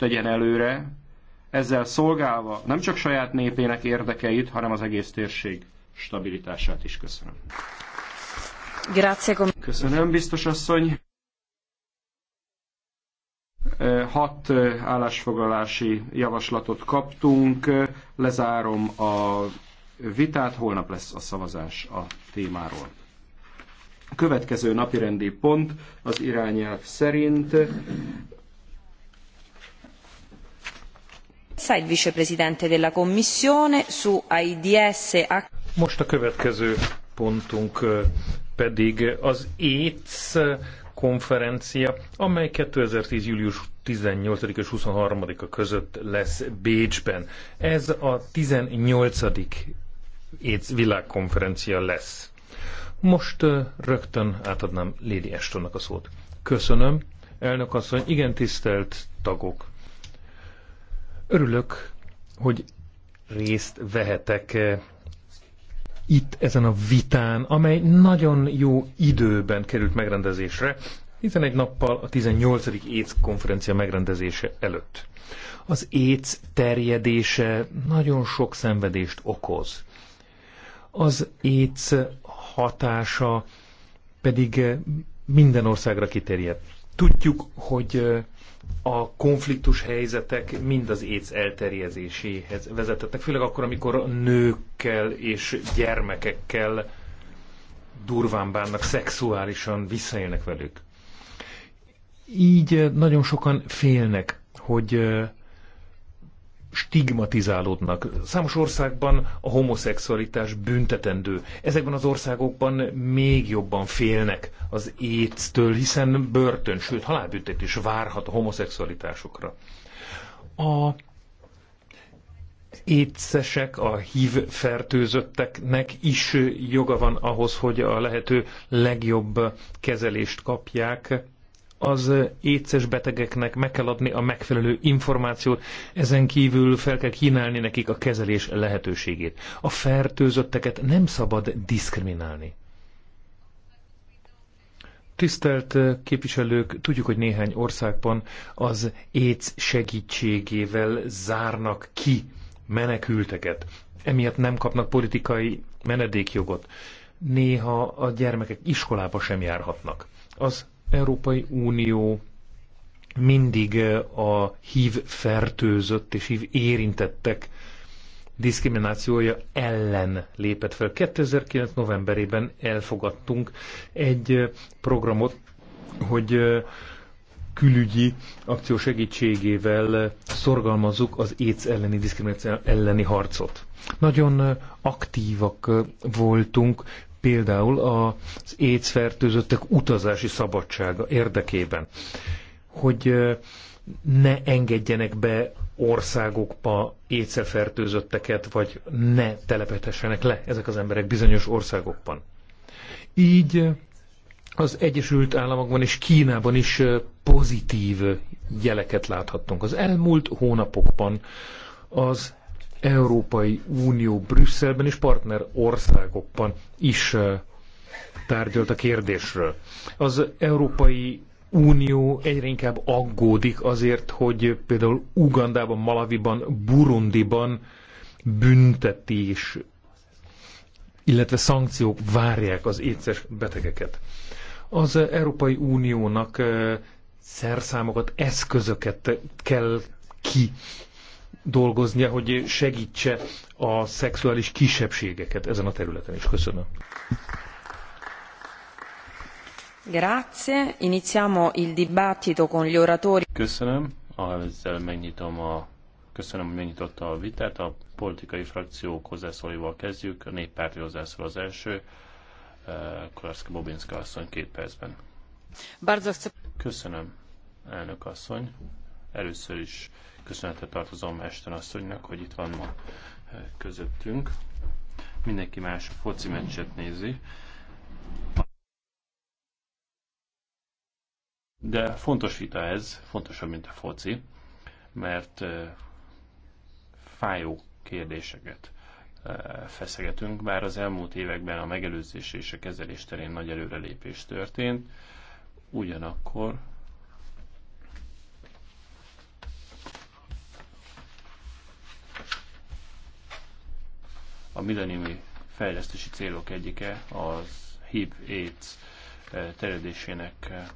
tegyen előre, ezzel szolgálva nem csak saját népének érdekeit, hanem az egész térség stabilitását is köszönöm. Köszönöm, biztos asszony. Hat állásfoglalási javaslatot kaptunk. Lezárom a vitát, holnap lesz a szavazás a témáról. A következő napirendi pont az irányelv szerint Il vicepresidente della Commissione su AIDS. Most a következő pontunk pedig az AIDS konferencia, amely 2010. július 18 és 23-a között lesz Bécsben. Ez a 18. AIDS világkonferencia lesz. Most rögtön átadnám Lady Ashtonnak a szót. Köszönöm, elnök asszony, igen tisztelt tagok. Örülök, hogy részt vehetek eh, itt ezen a vitán, amely nagyon jó időben került megrendezésre, hiszen egy nappal a 18. AIDS konferencia megrendezése előtt. Az AIDS terjedése nagyon sok szenvedést okoz. Az AIDS hatása pedig eh, minden országra kiterjed. Tudjuk, hogy eh, a konfliktus helyzetek mind az éc elterjedéséhez vezetettek, főleg akkor, amikor nőkkel és gyermekekkel durván bánnak, szexuálisan visszaélnek velük. Így eh, nagyon sokan félnek, hogy eh, stigmatizálódnak. Számos országban a homoszexualitás büntetendő. Ezekben az országokban még jobban félnek az étstől, hiszen börtön, sőt halálbüntetés várhat a homoszexualitásokra. A étszesek, a hív fertőzötteknek is joga van ahhoz, hogy a lehető legjobb kezelést kapják az éces betegeknek meg kell adni a megfelelő információt, ezen kívül fel kell kínálni nekik a kezelés lehetőségét. A fertőzötteket nem szabad diszkriminálni. Tisztelt képviselők, tudjuk, hogy néhány országban az éc segítségével zárnak ki menekülteket. Emiatt nem kapnak politikai menedékjogot. Néha a gyermekek iskolába sem járhatnak. Az Európai Unió mindig a hív fertőzött és hív érintettek diszkriminációja ellen lépett fel. 2009. novemberében elfogadtunk egy programot, hogy külügyi akció segítségével szorgalmazzuk az éc elleni diszkrimináció elleni harcot. Nagyon aktívak voltunk, például az AIDS fertőzöttek utazási szabadsága érdekében, hogy ne engedjenek be országokba écefertőzötteket, vagy ne telepethessenek le ezek az emberek bizonyos országokban. Így az Egyesült Államokban és Kínában is pozitív jeleket láthattunk. Az elmúlt hónapokban az Európai Unió Brüsszelben és partner országokban is tárgyalt a kérdésről. Az Európai Unió egyre inkább aggódik azért, hogy például Ugandában, Malaviban, Burundiban büntetés, illetve szankciók várják az éces betegeket. Az Európai Uniónak szerszámokat, eszközöket kell ki dolgoznia, hogy segítse a szexuális kisebbségeket ezen a területen is. Köszönöm. Grazie. Iniziamo il dibattito con gli oratori. Köszönöm. Ezzel megnyitom a Köszönöm, hogy megnyitotta a vitát. A politikai frakciók hozzászólóival kezdjük. A néppárti hozzászól az első. Eh, Kolarszka Bobinska asszony két percben. Köszönöm, elnök asszony. Először is köszönetet tartozom Esten asszonynak, hogy itt van ma eh, közöttünk. Mindenki más foci meccset nézi. De fontos vita ez, fontosabb, mint a foci, mert eh, fájó kérdéseket eh, feszegetünk, bár az elmúlt években a megelőzés és a kezelés terén nagy előrelépés történt, ugyanakkor A milleniumi fejlesztési célok egyike az HIV-AIDS eh, terjedésének eh,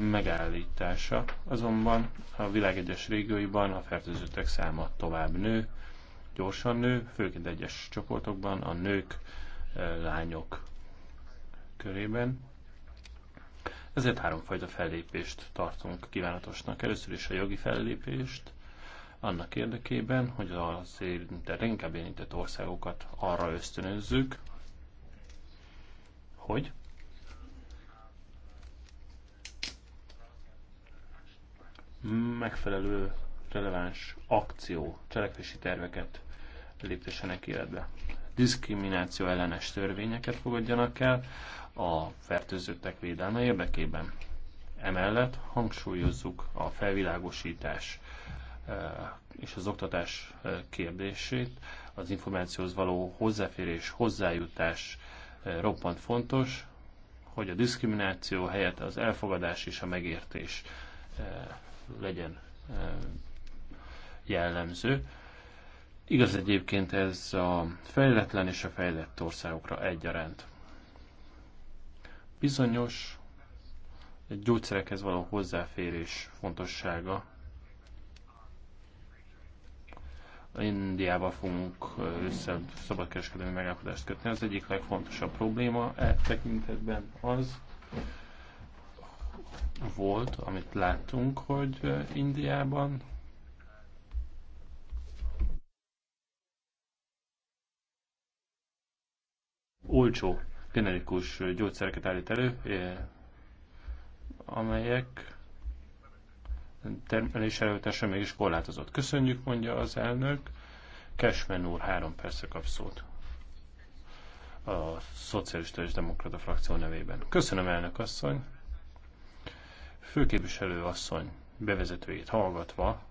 megállítása. Azonban a világ egyes régióiban a fertőzöttek száma tovább nő, gyorsan nő, főként egyes csoportokban a nők, eh, lányok körében. Ezért háromfajta fellépést tartunk kívánatosnak. Először is a jogi fellépést, annak érdekében, hogy az érintett, inkább érintett országokat arra ösztönözzük, hogy megfelelő releváns akció, cselekvési terveket léptessenek életbe. Diszkrimináció ellenes törvényeket fogadjanak el a fertőzöttek védelme érdekében. Emellett hangsúlyozzuk a felvilágosítás és az oktatás kérdését, az információhoz való hozzáférés, hozzájutás roppant fontos, hogy a diszkrimináció helyett az elfogadás és a megértés legyen jellemző. Igaz egyébként ez a fejletlen és a fejlett országokra egyaránt. Bizonyos egy gyógyszerekhez való hozzáférés fontossága Indiával fogunk össze szabadkereskedelmi megállapodást kötni. Az egyik legfontosabb probléma e tekintetben az volt, amit láttunk, hogy Indiában olcsó generikus gyógyszereket állít elő, amelyek termelés előtása mégis korlátozott. Köszönjük, mondja az elnök. Kesmen úr három percre kap szót a Szocialista és Demokrata frakció nevében. Köszönöm, elnök asszony. Főképviselő asszony bevezetőjét hallgatva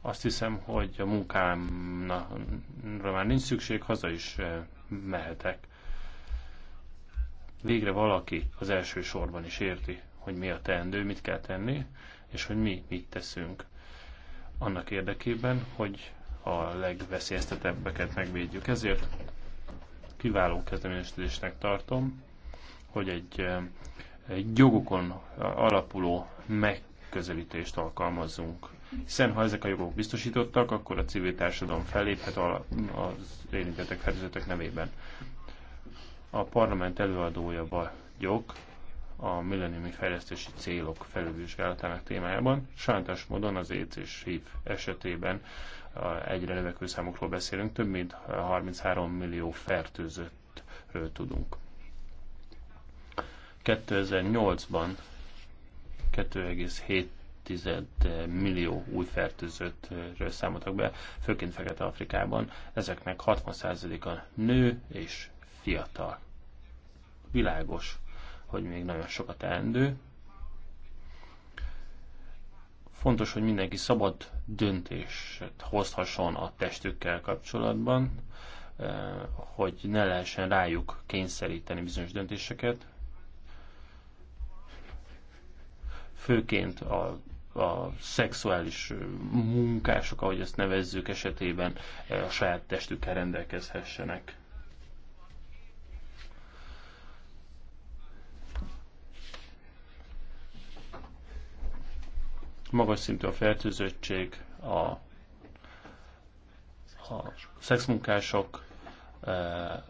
azt hiszem, hogy a munkámra már nincs szükség, haza is eh, mehetek. Végre valaki az első sorban is érti hogy mi a teendő, mit kell tenni, és hogy mi mit teszünk annak érdekében, hogy a legveszélyeztetebbeket megvédjük. Ezért kiváló kezdeményezésnek tartom, hogy egy, egy jogokon alapuló megközelítést alkalmazzunk. Hiszen ha ezek a jogok biztosítottak, akkor a civil társadalom felléphet az érintettek felüzetek nevében. A parlament előadója vagyok, a milleniumi fejlesztési célok felülvizsgálatának témájában. Sajnos módon az AIDS és HIV esetében egyre növekvő számokról beszélünk, több mint 33 millió fertőzöttről tudunk. 2008-ban 2,7 millió új fertőzöttről számoltak be, főként Fekete-Afrikában. Ezeknek 60%-a nő és fiatal. Világos hogy még nagyon sokat teendő. Fontos, hogy mindenki szabad döntést hozhasson a testükkel kapcsolatban, eh, hogy ne lehessen rájuk kényszeríteni bizonyos döntéseket. Főként a a szexuális munkások, ahogy ezt nevezzük esetében, eh, a saját testükkel rendelkezhessenek. magas szintű a fertőzöttség, a, a szexmunkások, e,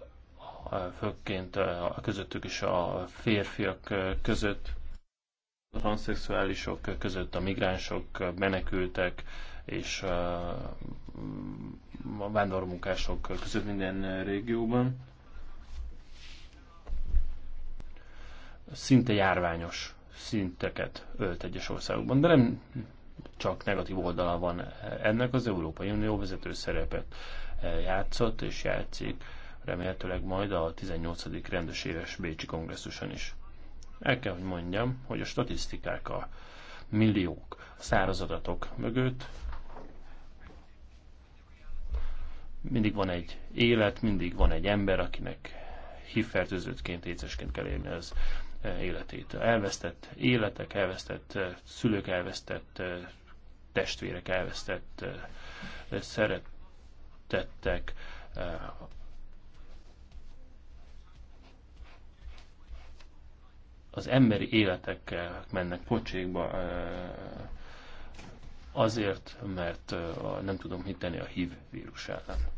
főként e, a közöttük is a férfiak e, között, a transzexuálisok között, a migránsok, menekültek és a vándormunkások között minden régióban. Szinte járványos szinteket ölt egyes országokban, de nem csak negatív oldala van ennek, az Európai Unió vezető szerepet játszott és játszik, remélhetőleg majd a 18. rendes éves Bécsi kongresszuson is. El kell, hogy mondjam, hogy a statisztikák, a milliók, a száraz adatok mögött mindig van egy élet, mindig van egy ember, akinek hívfertőzöttként, écesként kell élni az életét. Elvesztett életek, elvesztett eh, szülők, elvesztett eh, testvérek, elvesztett eh, szeretettek, az emberi életek mennek pocsékba azért, mert nem tudom mit tenni a HIV vírus ellen.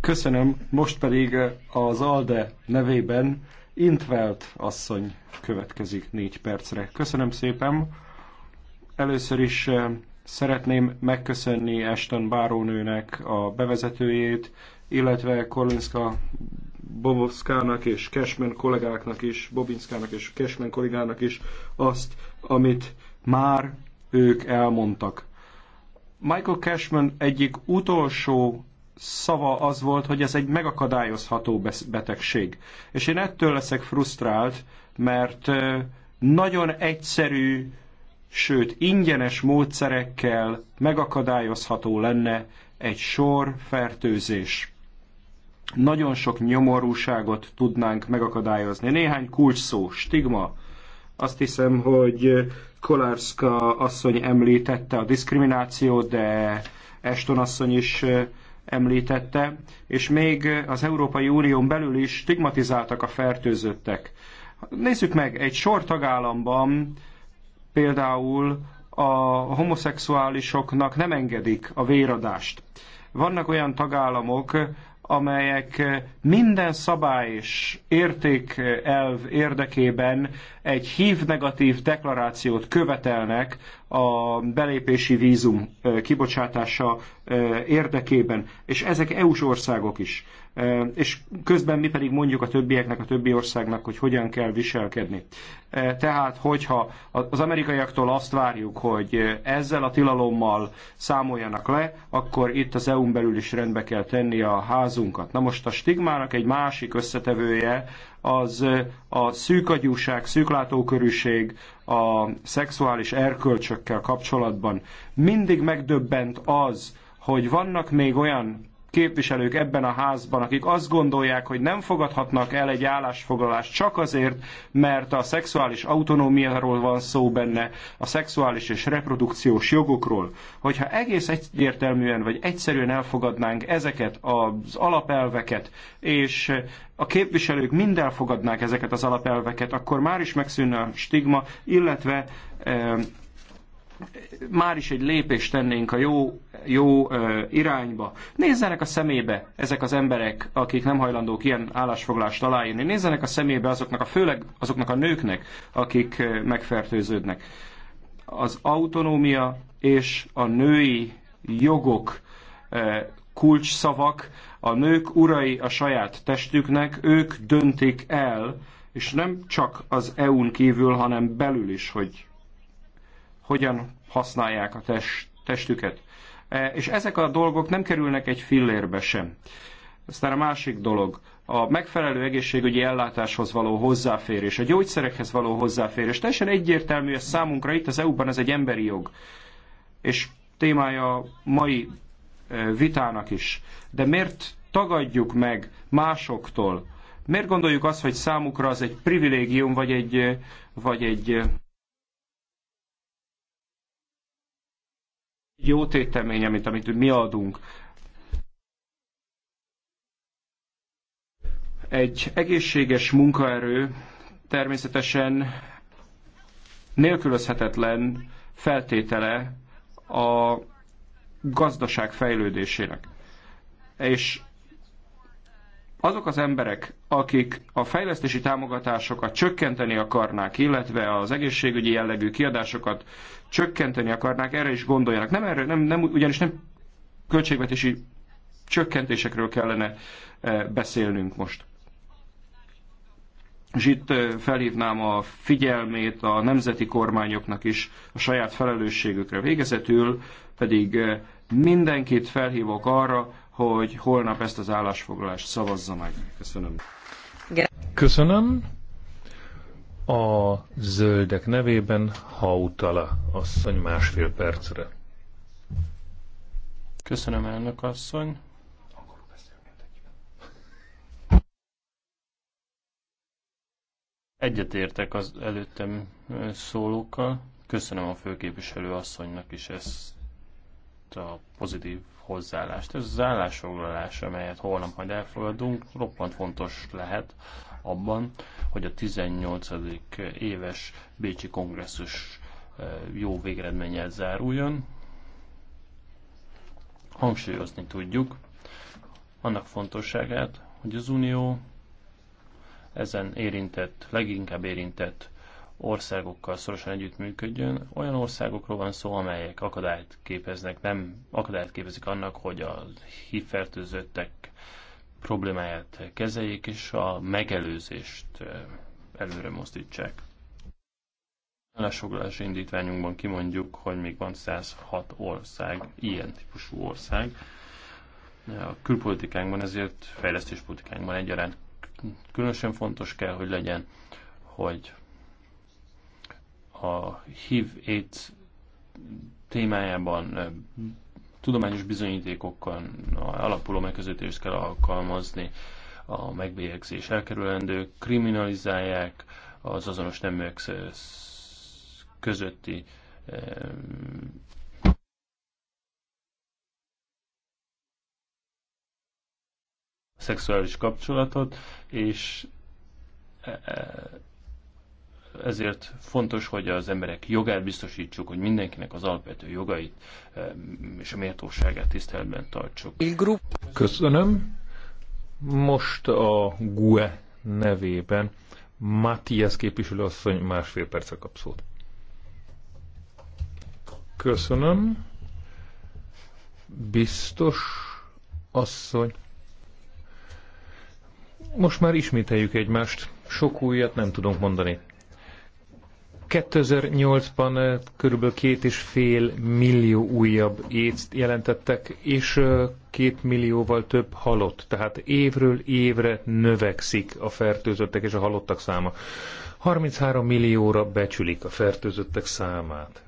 Köszönöm, most pedig eh, az ALDE nevében Intvelt asszony következik négy percre. Köszönöm szépen. Először is eh, szeretném megköszönni Ashton Bárónőnek a bevezetőjét, illetve Kolinska Bobovszkának és Cashman kollégáknak is, Bobinskának és Cashman kollégának is azt, amit már ők elmondtak. Michael Cashman egyik utolsó szava az volt, hogy ez egy megakadályozható betegség. És én ettől leszek frusztrált, mert nagyon egyszerű, sőt ingyenes módszerekkel megakadályozható lenne egy sor fertőzés. Nagyon sok nyomorúságot tudnánk megakadályozni. Néhány kulcsszó, stigma, azt hiszem, hogy Kolárska asszony említette a diszkriminációt, de Eston asszony is említette, és még az Európai Unión belül is stigmatizáltak a fertőzöttek. Nézzük meg, egy sor tagállamban például a homoszexuálisoknak nem engedik a véradást. Vannak olyan tagállamok, amelyek eh, minden szabály és értékelv eh, érdekében egy hív negatív deklarációt követelnek a belépési vízum eh, kibocsátása érdekében, és ezek EU-s országok is és közben mi pedig mondjuk a többieknek, a többi országnak, hogy hogyan kell viselkedni. Tehát, hogyha az amerikaiaktól azt várjuk, hogy ezzel a tilalommal számoljanak le, akkor itt az EU-n belül is rendbe kell tenni a házunkat. Na most a stigmának egy másik összetevője az a szűkagyúság, szűklátókörűség, a szexuális erkölcsökkel kapcsolatban. Mindig megdöbbent az, hogy vannak még olyan képviselők ebben a házban, akik azt gondolják, hogy nem fogadhatnak el egy állásfoglalást csak azért, mert a szexuális autonómiáról van szó benne, a szexuális és reprodukciós jogokról. Hogyha egész egyértelműen vagy egyszerűen elfogadnánk ezeket az alapelveket, és a képviselők mind elfogadnák ezeket az alapelveket, akkor már is megszűnne a stigma, illetve eh, már is egy lépést tennénk a jó, jó ö, irányba. Nézzenek a szemébe ezek az emberek, akik nem hajlandók ilyen állásfoglalást aláírni. Nézzenek a szemébe azoknak, a főleg azoknak a nőknek, akik ö, megfertőződnek. Az autonómia és a női jogok ö, kulcsszavak, a nők urai a saját testüknek, ők döntik el, és nem csak az EU-n kívül, hanem belül is, hogy hogyan használják a test, testüket. E, és ezek a dolgok nem kerülnek egy fillérbe sem. Aztán a másik dolog, a megfelelő egészségügyi ellátáshoz való hozzáférés, a gyógyszerekhez való hozzáférés. Teljesen egyértelmű ez számunkra, itt az EU-ban ez egy emberi jog. És témája a mai e, vitának is. De miért tagadjuk meg másoktól? Miért gondoljuk azt, hogy számukra az egy privilégium, vagy egy, e, vagy egy jó tétemény, amit, amit mi adunk. Egy egészséges munkaerő természetesen nélkülözhetetlen feltétele a gazdaság fejlődésének. És azok az emberek, akik a fejlesztési támogatásokat csökkenteni akarnák, illetve az egészségügyi jellegű kiadásokat csökkenteni akarnák, erre is gondoljanak. Nem erre, nem, nem, ugyanis nem költségvetési csökkentésekről kellene eh, beszélnünk most. És itt eh, felhívnám a figyelmét a nemzeti kormányoknak is a saját felelősségükre. Végezetül pedig eh, mindenkit felhívok arra, hogy holnap ezt az állásfoglalást szavazza meg. Köszönöm. Köszönöm. A zöldek nevében Hautala asszony másfél percre. Köszönöm, elnök asszony. Egyetértek az előttem szólókkal. Köszönöm a főképviselő asszonynak is ezt a pozitív hozzáállást. Ez az állásfoglalás, amelyet holnap majd elfogadunk, roppant fontos lehet abban, hogy a 18. éves Bécsi kongresszus eh, jó végeredménnyel záruljon. Hangsúlyozni tudjuk annak fontosságát, hogy az Unió ezen érintett, leginkább érintett országokkal szorosan együttműködjön. Olyan országokról van szó, amelyek akadályt képeznek, nem akadályt képezik annak, hogy a hívfertőzöttek problémáját kezeljék, és a megelőzést eh, előre mozdítsák. Állásfoglalási indítványunkban kimondjuk, hogy még van 106 ország, ilyen típusú ország. A külpolitikánkban ezért fejlesztéspolitikánkban egyaránt különösen fontos kell, hogy legyen, hogy a HIV-AIDS témájában eh, tudományos bizonyítékokkal alapuló megközelítést kell alkalmazni, a megbélyegzés elkerülendő, kriminalizálják az azonos neműek közötti eh, szexuális kapcsolatot, és eh, ezért fontos, hogy az emberek jogát biztosítsuk, hogy mindenkinek az alapvető jogait eh, és a méltóságát tiszteletben tartsuk. Köszönöm. Most a GUE nevében Matthias képviselőasszony másfél perce kap szót. Köszönöm. Biztos asszony. Most már ismételjük egymást. Sok újat nem tudunk mondani. 2008-ban eh, körülbelül két és fél millió újabb éjt jelentettek, és eh, két millióval több halott. Tehát évről évre növekszik a fertőzöttek és a halottak száma. 33 millióra becsülik a fertőzöttek számát.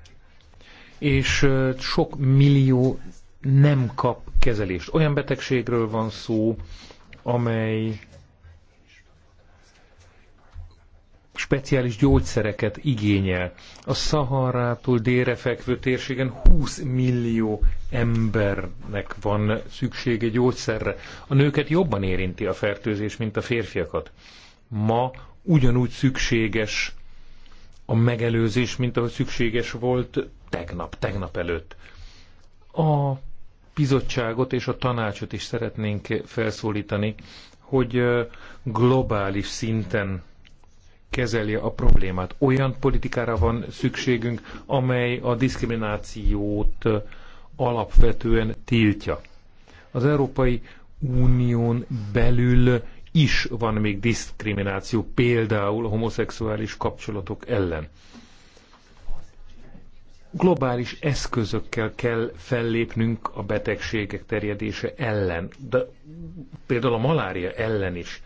És eh, sok millió nem kap kezelést. Olyan betegségről van szó, amely speciális gyógyszereket igényel. A Szaharától délre fekvő térségen 20 millió embernek van szüksége gyógyszerre. A nőket jobban érinti a fertőzés, mint a férfiakat. Ma ugyanúgy szükséges a megelőzés, mint ahogy szükséges volt tegnap, tegnap előtt. A bizottságot és a tanácsot is szeretnénk felszólítani, hogy globális szinten kezeli a problémát. Olyan politikára van szükségünk, amely a diszkriminációt alapvetően tiltja. Az Európai Unión belül is van még diszkrimináció, például a homoszexuális kapcsolatok ellen. Globális eszközökkel kell fellépnünk a betegségek terjedése ellen, de például a malária ellen is.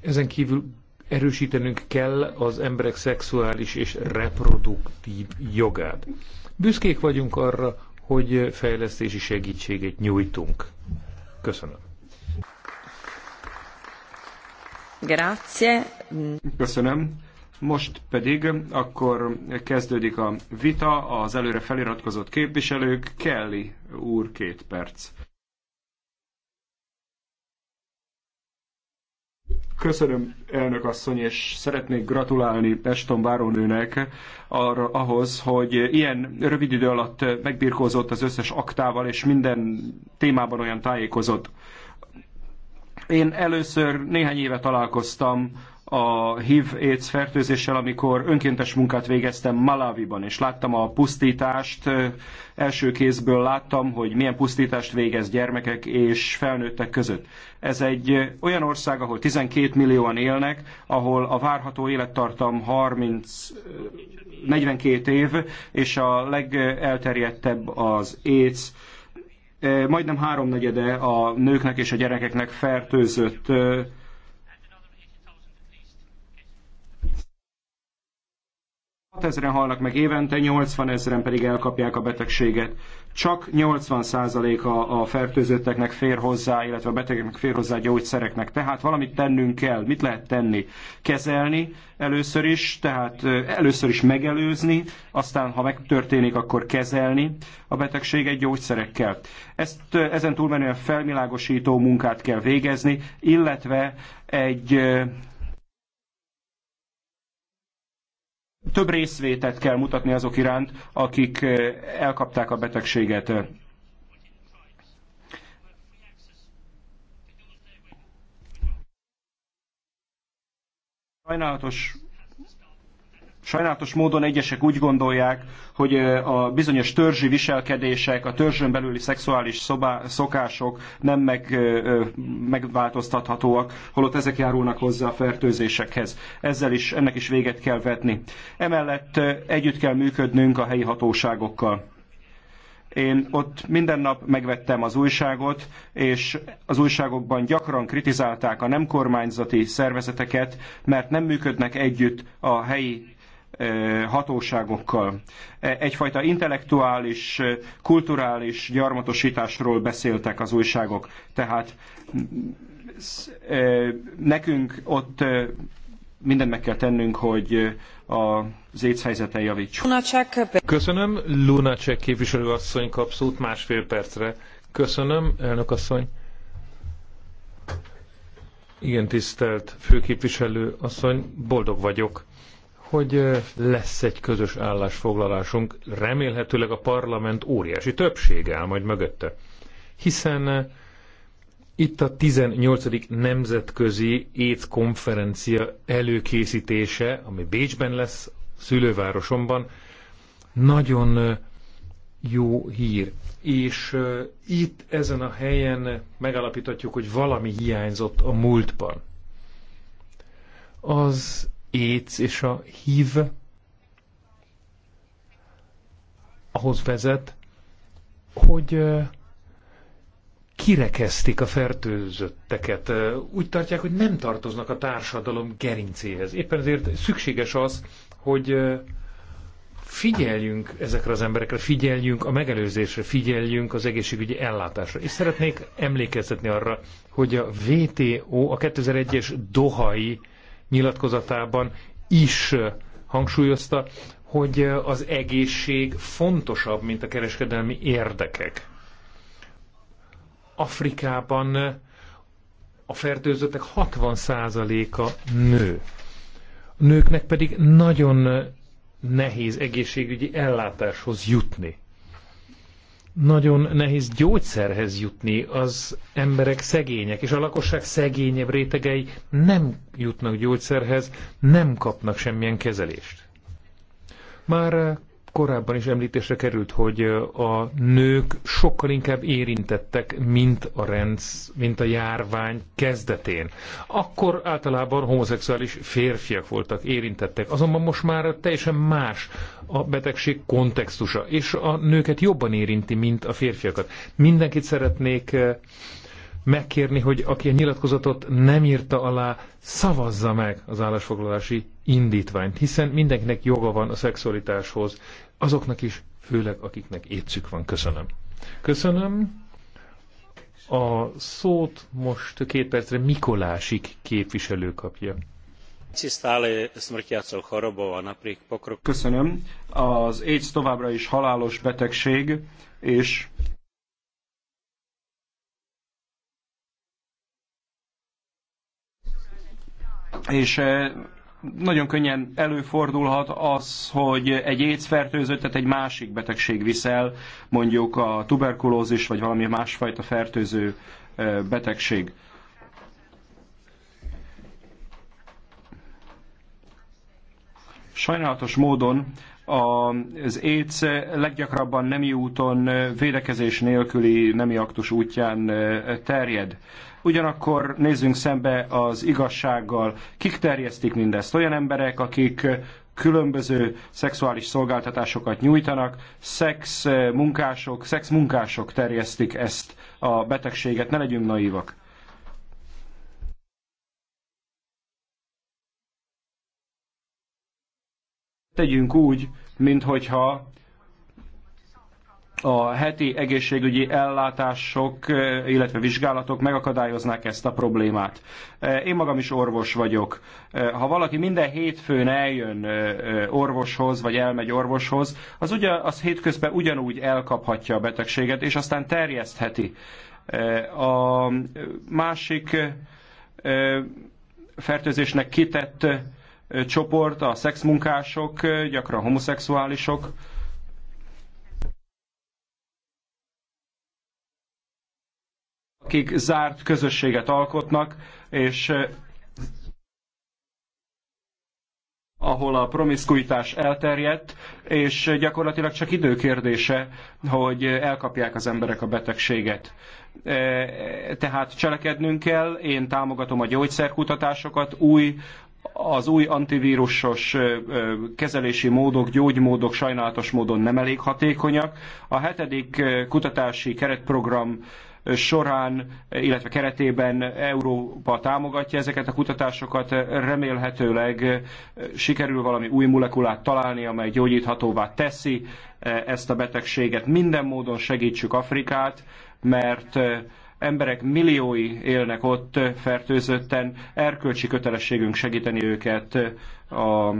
Ezen kívül erősítenünk kell az emberek szexuális és reproduktív jogát. Büszkék vagyunk arra, hogy fejlesztési segítséget nyújtunk. Köszönöm. Grazie. Köszönöm. Most pedig akkor kezdődik a vita, az előre feliratkozott képviselők, Kelly úr két perc. Köszönöm, elnök asszony, és szeretnék gratulálni Peston Várónőnek arra, ahhoz, hogy ilyen rövid idő alatt megbirkózott az összes aktával, és minden témában olyan tájékozott. Én először néhány éve találkoztam a HIV AIDS fertőzéssel, amikor önkéntes munkát végeztem Malaviban, és láttam a pusztítást, első kézből láttam, hogy milyen pusztítást végez gyermekek és felnőttek között. Ez egy olyan ország, ahol 12 millióan élnek, ahol a várható élettartam 30, 42 év, és a legelterjedtebb az AIDS, majdnem háromnegyede a nőknek és a gyerekeknek fertőzött 6 en halnak meg évente, 80 ezeren pedig elkapják a betegséget. Csak 80%-a a fertőzötteknek fér hozzá, illetve a betegeknek fér hozzá gyógyszereknek. Tehát valamit tennünk kell. Mit lehet tenni? Kezelni először is, tehát először is megelőzni, aztán ha megtörténik, akkor kezelni a betegséget gyógyszerekkel. Ezt, ezen túlmenően felvilágosító munkát kell végezni, illetve egy több részvétet kell mutatni azok iránt, akik eh, elkapták a betegséget. Sajnálatos Sajnálatos módon egyesek úgy gondolják, hogy a bizonyos törzsi viselkedések, a törzsön belüli szexuális szobá, szokások nem meg, megváltoztathatóak, holott ezek járulnak hozzá a fertőzésekhez. Ezzel is, ennek is véget kell vetni. Emellett együtt kell működnünk a helyi hatóságokkal. Én ott minden nap megvettem az újságot, és az újságokban gyakran kritizálták a nem kormányzati szervezeteket, mert nem működnek együtt a helyi hatóságokkal. E, egyfajta intellektuális, kulturális gyarmatosításról beszéltek az újságok. Tehát nekünk ott mindent meg kell tennünk, hogy a AIDS helyzete javítsuk. Köszönöm, Lunacek képviselőasszony kap szót másfél percre. Köszönöm, elnök asszony. Igen, tisztelt főképviselő asszony, boldog vagyok, hogy lesz egy közös állásfoglalásunk, remélhetőleg a parlament óriási többsége áll majd mögötte. Hiszen itt a 18. nemzetközi AIDS konferencia előkészítése, ami Bécsben lesz, szülővárosomban, nagyon jó hír. És itt ezen a helyen megalapíthatjuk, hogy valami hiányzott a múltban. Az éc és a hív ahhoz vezet, hogy kirekeztik a fertőzötteket. Úgy tartják, hogy nem tartoznak a társadalom gerincéhez. Éppen ezért szükséges az, hogy figyeljünk ezekre az emberekre, figyeljünk a megelőzésre, figyeljünk az egészségügyi ellátásra. És szeretnék emlékeztetni arra, hogy a VTO a 2001-es Dohai nyilatkozatában is hangsúlyozta, hogy az egészség fontosabb, mint a kereskedelmi érdekek. Afrikában a fertőzöttek 60%-a nő. A nőknek pedig nagyon nehéz egészségügyi ellátáshoz jutni nagyon nehéz gyógyszerhez jutni, az emberek szegények, és a lakosság szegényebb rétegei nem jutnak gyógyszerhez, nem kapnak semmilyen kezelést. Már korábban is említésre került, hogy a nők sokkal inkább érintettek, mint a rendsz, mint a járvány kezdetén. Akkor általában homoszexuális férfiak voltak érintettek, azonban most már teljesen más a betegség kontextusa, és a nőket jobban érinti, mint a férfiakat. Mindenkit szeretnék megkérni, hogy aki a nyilatkozatot nem írta alá, szavazza meg az állásfoglalási indítványt, hiszen mindenkinek joga van a szexualitáshoz, azoknak is, főleg akiknek étszük van. Köszönöm. Köszönöm. A szót most két percre Mikolásik képviselő kapja. Köszönöm. Az AIDS továbbra is halálos betegség, és és eh, nagyon könnyen előfordulhat az, hogy egy AIDS egy másik betegség viszel, mondjuk a tuberkulózis vagy valami másfajta fertőző betegség. Sajnálatos módon az AIDS leggyakrabban nemi úton, védekezés nélküli nemi aktus útján terjed. Ugyanakkor nézzünk szembe az igazsággal. Kik terjesztik mindezt? Olyan emberek, akik különböző szexuális szolgáltatásokat nyújtanak, szex munkások, szex munkások terjesztik ezt a betegséget, ne legyünk naívak. tegyünk úgy, minthogyha a heti egészségügyi ellátások, eh, illetve vizsgálatok megakadályoznák ezt a problémát. Eh, én magam is orvos vagyok. Eh, ha valaki minden hétfőn eljön orvoshoz, vagy elmegy orvoshoz, az, ugyan, az hétközben ugyanúgy elkaphatja a betegséget, és aztán terjesztheti. A másik fertőzésnek kitett csoport, a szexmunkások, gyakran homoszexuálisok. akik zárt közösséget alkotnak, és ahol a promiszkuitás elterjedt, és gyakorlatilag csak időkérdése, hogy elkapják az emberek a betegséget. Tehát cselekednünk kell, én támogatom a gyógyszerkutatásokat, új az új antivírusos kezelési módok, gyógymódok sajnálatos módon nem elég hatékonyak. A hetedik kutatási keretprogram során, illetve keretében Európa támogatja ezeket a kutatásokat, remélhetőleg sikerül valami új molekulát találni, amely gyógyíthatóvá teszi ezt a betegséget. Minden módon segítsük Afrikát, mert emberek milliói élnek ott fertőzötten, erkölcsi kötelességünk segíteni őket, a,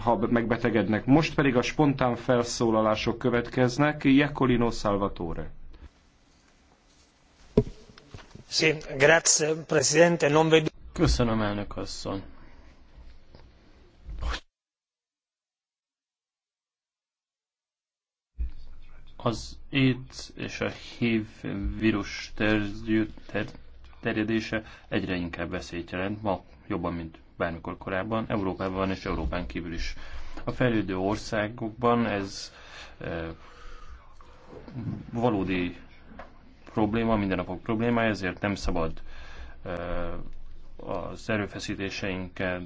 ha megbetegednek. Most pedig a spontán felszólalások következnek. Jacolino Salvatore. Köszönöm, elnök asszony Az AIDS és a HIV vírus terjed, ter, terjedése egyre inkább veszélyt jelent, ma jobban, mint bármikor korábban, Európában és Európán kívül is. A fejlődő országokban ez e, valódi probléma, mindennapok problémája, ezért nem szabad e, az erőfeszítéseinket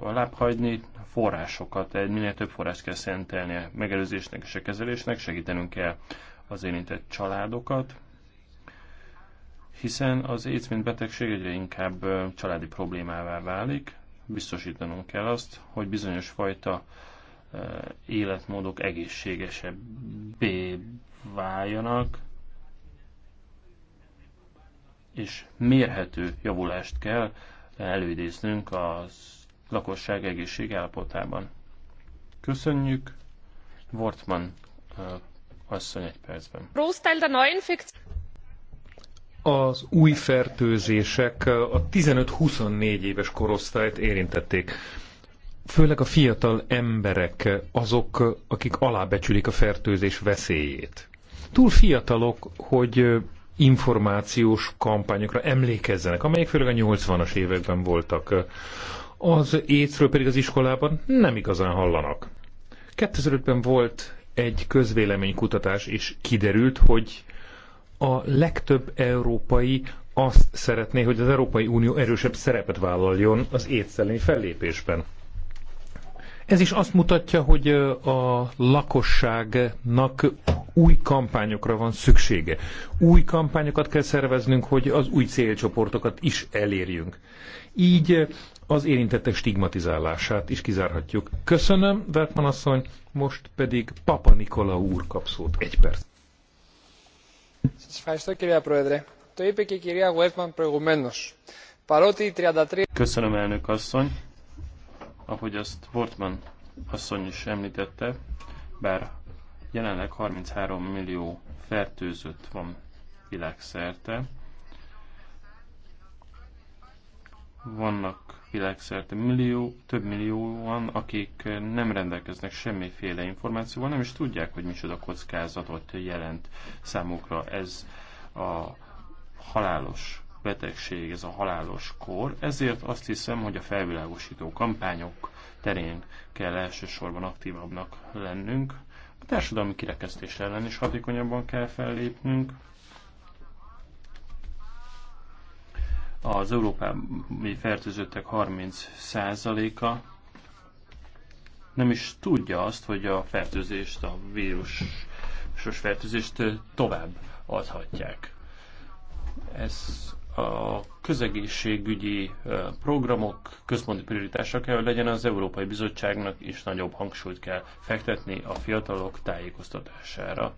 alább hagyni, forrásokat, egy minél több forrást kell szentelni a megelőzésnek és a kezelésnek, segítenünk kell az érintett családokat, hiszen az AIDS mint betegség egyre inkább családi problémává válik, biztosítanunk kell azt, hogy bizonyos fajta életmódok egészségesebbé váljanak, és mérhető javulást kell előidéznünk az lakosság egészség állapotában. Köszönjük. Wortmann asszony egy percben. Az új fertőzések a 15-24 éves korosztályt érintették. Főleg a fiatal emberek azok, akik alábecsülik a fertőzés veszélyét. Túl fiatalok, hogy információs kampányokra emlékezzenek, amelyek főleg a 80-as években voltak az écről pedig az iskolában nem igazán hallanak. 2005-ben volt egy közvéleménykutatás, és kiderült, hogy a legtöbb európai azt szeretné, hogy az Európai Unió erősebb szerepet vállaljon az étszelény fellépésben. Ez is azt mutatja, hogy a lakosságnak új kampányokra van szüksége. Új kampányokat kell szerveznünk, hogy az új célcsoportokat is elérjünk. Így az érintettek stigmatizálását is kizárhatjuk. Köszönöm, Vertman asszony, most pedig Papa Nikola úr kap szót. Egy perc. Köszönöm, elnök asszony. Ahogy azt Wortman asszony is említette, bár jelenleg 33 millió fertőzött van világszerte, vannak világszerte millió, több millióan, akik nem rendelkeznek semmiféle információval, nem is tudják, hogy micsoda kockázatot jelent számukra ez a halálos betegség, ez a halálos kor. Ezért azt hiszem, hogy a felvilágosító kampányok terén kell elsősorban aktívabbnak lennünk. A társadalmi kirekesztés ellen is hatékonyabban kell fellépnünk az európai fertőzöttek 30%-a nem is tudja azt, hogy a fertőzést, a vírusos fertőzést tovább adhatják. Ez a közegészségügyi programok központi prioritása kell, hogy legyen az Európai Bizottságnak is nagyobb hangsúlyt kell fektetni a fiatalok tájékoztatására.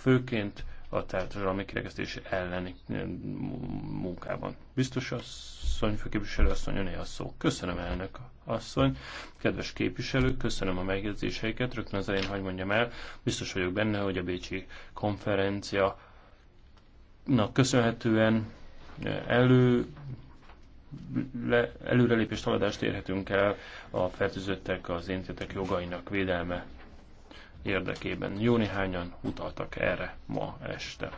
Főként a társadalmi kirekesztés elleni munkában. Biztos asszony, főképviselő asszony, öné a szó. Köszönöm elnök asszony, kedves képviselők, köszönöm a megjegyzéseiket, rögtön az elején hagyd mondjam el, biztos vagyok benne, hogy a Bécsi konferencia na, köszönhetően elő le, előrelépést, haladást érhetünk el a fertőzöttek, az érintettek jogainak védelme érdekében. Jó néhányan utaltak erre ma este.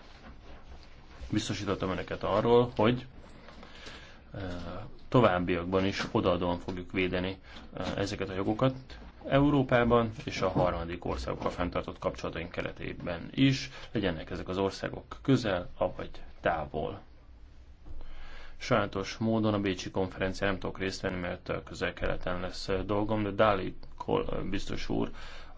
Biztosítottam önöket arról, hogy továbbiakban is odaadóan fogjuk védeni ezeket a jogokat Európában és a harmadik országokkal fenntartott kapcsolataink keretében is, legyenek ezek az országok közel, avagy távol. Sajátos módon a Bécsi konferencián nem tudok részt venni, mert közel-keleten lesz dolgom, de dali biztos úr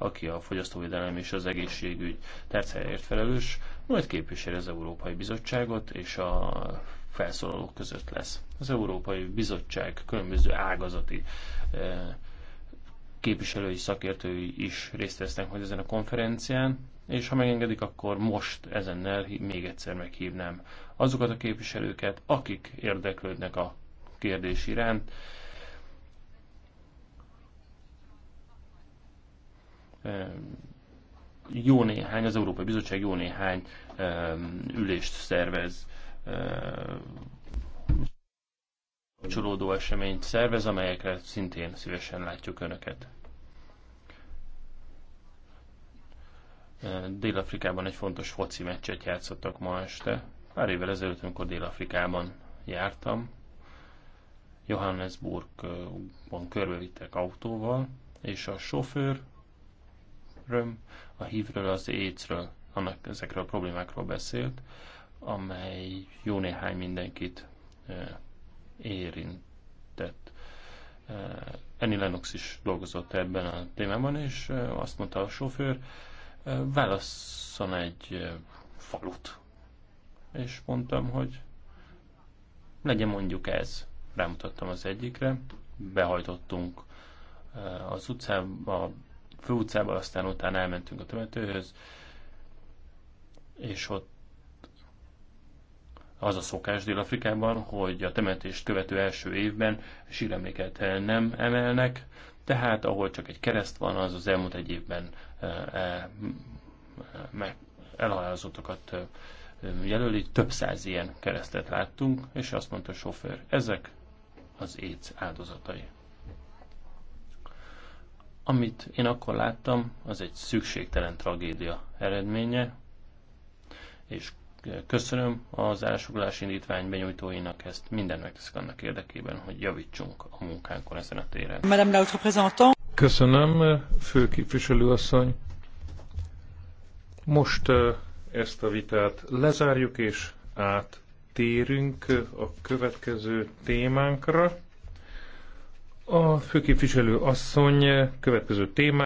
aki a fogyasztóvédelem és az egészségügy tercájáért felelős, majd képviseli az Európai Bizottságot, és a felszólalók között lesz. Az Európai Bizottság különböző ágazati eh, képviselői, szakértői is részt vesznek majd ezen a konferencián, és ha megengedik, akkor most ezennel még egyszer meghívnám azokat a képviselőket, akik érdeklődnek a kérdés iránt, jó néhány, az Európai Bizottság jó néhány ülést szervez kapcsolódó eseményt szervez, amelyekre szintén szívesen látjuk Önöket. Dél-Afrikában egy fontos foci meccset játszottak ma este. Pár évvel ezelőtt, amikor Dél-Afrikában jártam, Johannesburgban körbevittek autóval, és a sofőr röm, a hívről, az écről, annak ezekről a problémákról beszélt, amely jó néhány mindenkit érintett. Annie Lennox is dolgozott ebben a témában, és azt mondta a sofőr, válasszon egy falut. És mondtam, hogy legyen mondjuk ez. Rámutattam az egyikre, behajtottunk az utcába, utcába, aztán utána elmentünk a temetőhöz, és ott az a szokás Dél-Afrikában, hogy a temetést követő első évben síremléket nem emelnek, tehát ahol csak egy kereszt van, az az elmúlt egy évben e, e, e, elhalálozottakat jelöli. Több száz ilyen keresztet láttunk, és azt mondta a sofőr, ezek az éc áldozatai. Amit én akkor láttam, az egy szükségtelen tragédia eredménye, és köszönöm az elsugulás indítvány benyújtóinak ezt minden megteszik annak érdekében, hogy javítsunk a munkánkon ezen a téren. Madame la representant. Köszönöm, főképviselőasszony. Most ezt a vitát lezárjuk, és áttérünk a következő témánkra. A főképviselő asszony következő témá.